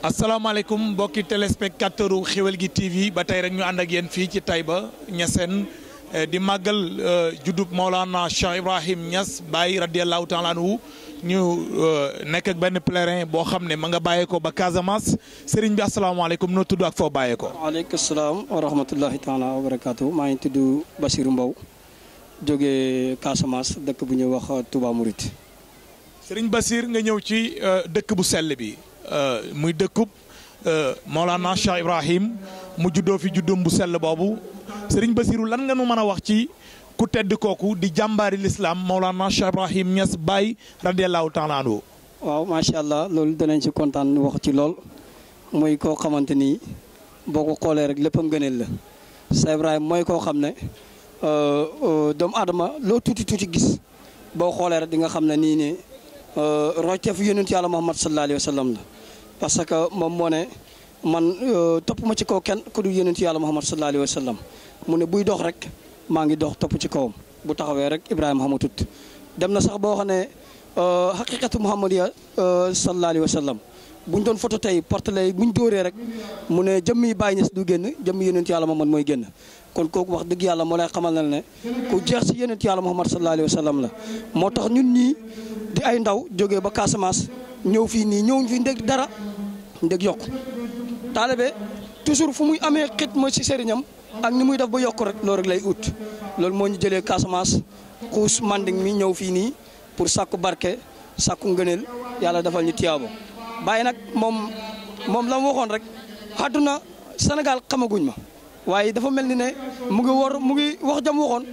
assalamualaikum bokki téléspectateur u xewel gi TV ba tey rek ñu and ak yeen fi ci tayba ñassen eh, di magal eh, juddub maulana Cheikh Ibrahim Niass Baye radiyallahu taala nu ñu eh, nek ak ben pèlerin bo xam ma nga bàyyee ko ba Casamance serigne bi assalamualaikum no tuddu ak fo bàyyee ko. waaleykum assalam wa rahmatullahi taala wa barakatuh ma ngi tuddu Basirou mbaw jógee Casamance dëkk bu ñu wax Touba Mouride. serigne Basir nga ñëw ci dëkk bu sel bi. Euh, muy dëkkub euh, Maolana Cheikh Ibrahim mu juddoo fi juddum bu sell boobu Serigne Bassirou lan nga nu mën a wax ci ku tedd kooku di jàmbaari lislaam Maolana Cheikh Ibrahim Niass Baye radiyallahu taala anhu waaw macha allah loolu danañ ci kontaan wax ci lool muy koo xamante ni boo ko xoolee rek léppam gëneel la Cheikh Ibrahim mooy koo xam ne euh, doomu aadama loo tuuti tuuti gis boo xoolee rek di nga xam ne nii ne. Euh, royteefu yonent yàlla Muhammad sallallahu alayhi wa sallam la parce que moom moo ne man euh, topp ma ci kaw kenn ku du yonent yàlla Muhammad sallallahu alayhi wa sallam mu ne buy dox rek maa ngi dox topp ci kawam bu taxawee rek Ibrahima xamatut dem na sax boo xam ne euh, xaqiqatu Muhammadiya sallallahu alayhi wa bu ñu doon photo tey porte lay bu ñu dóoree rek mu ne jëmm yi Baay Ñas du génn jëmm yonent yàlla man mooy génn kon kooku wax dëgg yàlla moo lay xamal na ne ku jeex si yonent yàlla Muhammad sallallahu alayhi wa sallam la moo tax ñun ñii di ay ndaw jóge ba Casamance ñëw fii nii ñëwuñ fi ndég dara ndég yokk taalibe toujours fu muy amee xitma si sëriñam ak ni muy def ba yokk rek loolu lay ut loolu moo ñu jëlee Casamance xuus manding mi ñëw fii nii pour sàkku barke sàkku ngëneel yàlla defal ñu tiyaabo Baye nag moom moom la mu waxoon rek àdduna Sénégal xamaguñ ma waaye dafa mel ni ne mu ngi war mu ngi wax jam waxoon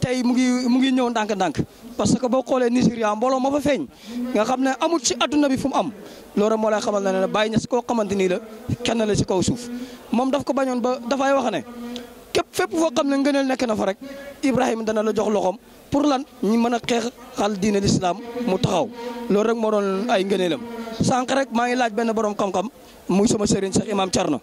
tey mu ngi mu ngi ñëw ndànk-ndànk parce que boo xoolee Nigéria mbooloo ma fa feeñ nga xam ne amul si àdduna bi fu mu am loolu moo lay xamal ne Baye Niass koo xamante nii la kenn la ci kaw suuf moom daf ko bañoon ba dafay wax ne képp fépp foo xam ne ngëneel nekk na fa rek Ibrahima dana la jox loxoom pour lan ñu mën a xeexal diine l'islam mu taxaw loolu rek moo doon ay ngëneelam. sànq rek maa ngi laaj benn borom xam-xam muy sama sëriñ sax imaam Thierno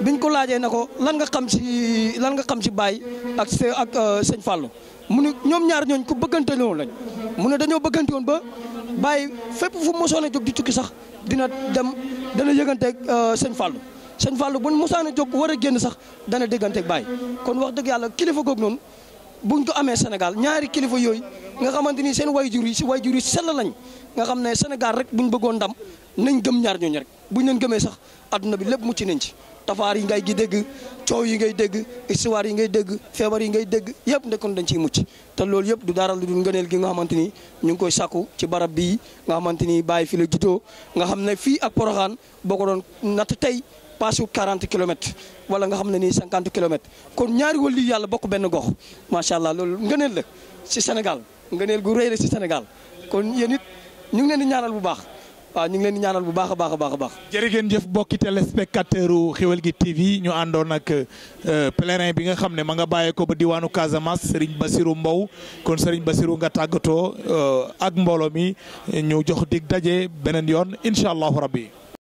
biñ ko laajee ne ko lan nga xam si lan nga xam si Baye ak sa ak euh, sëñ Fallou mu ne ñoom ñaar ñooñ ku bëggante loon lañ mu ne dañoo bëggante woon ba Baye fépp fu mu mosoon a jóg di tukki sax dina dem dana yëganteeg euh, sëñ Fallou sëñ Fallou buñ mosaan a jóg war a génn sax dana dégganteeg Baye kon wax dëgg yàlla kilifa googu noonu. buñ ko amee Sénégal ñaari kilifa yooyu nga xamante ni seen wayjur yi si wayjur yi sell lañ nga xam ne Sénégal rek buñ bëggoon ndam nañ gëm ñaar ñooñu rek bu buñ leen gëmee sax adduna bi lépp mucc nañ ci tafaar yi ngay gi dégg coow yi ngay dégg histoire yi ngay dëgg feebar yi ngay dëgg yëpp ndekkoon dañ ciy mucc te loolu yëpp du dara lu nga ngëneel gi nga xamante ni ñu ngi koy sakku ci barab bii nga xamante ni bàyyi fi la juddoo nga xam ne fii ak poroxaan boo ko doon natt tey passe 40 kilomètres wala nga xam ne nii 50 kilomètres kon ñaari wàllu yàlla bokk benn gox macha allah lool ngëneel la si Sénégal ngëneel gu rëy la si Sénégal kon yéen ñu ngi leen di ñaanal bu baax waaw ñu ngi leen di ñaanal bu baax a baax a baax a baax. jërë ngeen jëf mbokki téléspectateur xéwal gi TV ñu àndoon ak euh, pèlerin bi nga xam ne ma nga bàyyee ko ba diwaanu Casamance Serigne bassiru Mbow kon Serigne bassiru nga tàggatoo euh, ak mbooloo mi ñu jox dig daje beneen yoon incha allahu rabbi